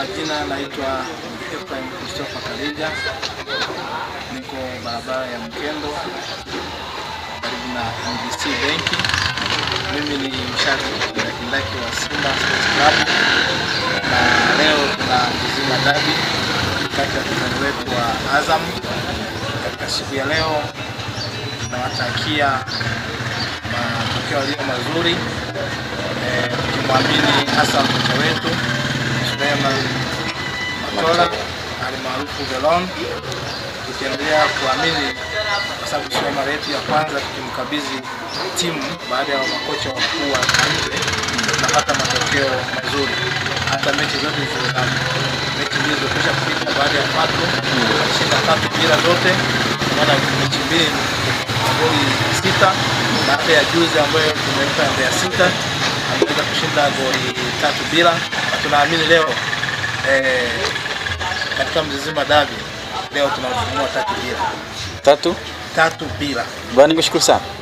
Kwa jina naitwa Efraim Christopher Kalija, niko barabara ya Mkendo karibu na NBC Benki. Mimi ni mshabiki kindakindaki wa Simba Sports Club, na leo kuzima dabi kati ya wapinzani wetu wa Azam. Katika siku ya leo tunawatakia matokeo yaliyo mazuri, eh, tukimwamini hasa mtoto wetu Herman Matola alimaarufu Velon, tukiendelea kuamini kwa sababu sio mara yetu ya kwanza tukimkabidhi timu baada ya makocha wakuu wa nje, tunapata matokeo mazuri. Hata mechi zote mechi mbili zilizokwisha kupita baada ya pato alishinda tatu bila zote, maana mechi mbili goli sita, na hata ya juzi ambayo tumempa ya sita ameweza kushinda goli tatu bila. Tunaamini leo Eh, katika Mzizima Dabi leo tunazungumza tatu bila tatu tatu bila bwana, nikushukuru sana.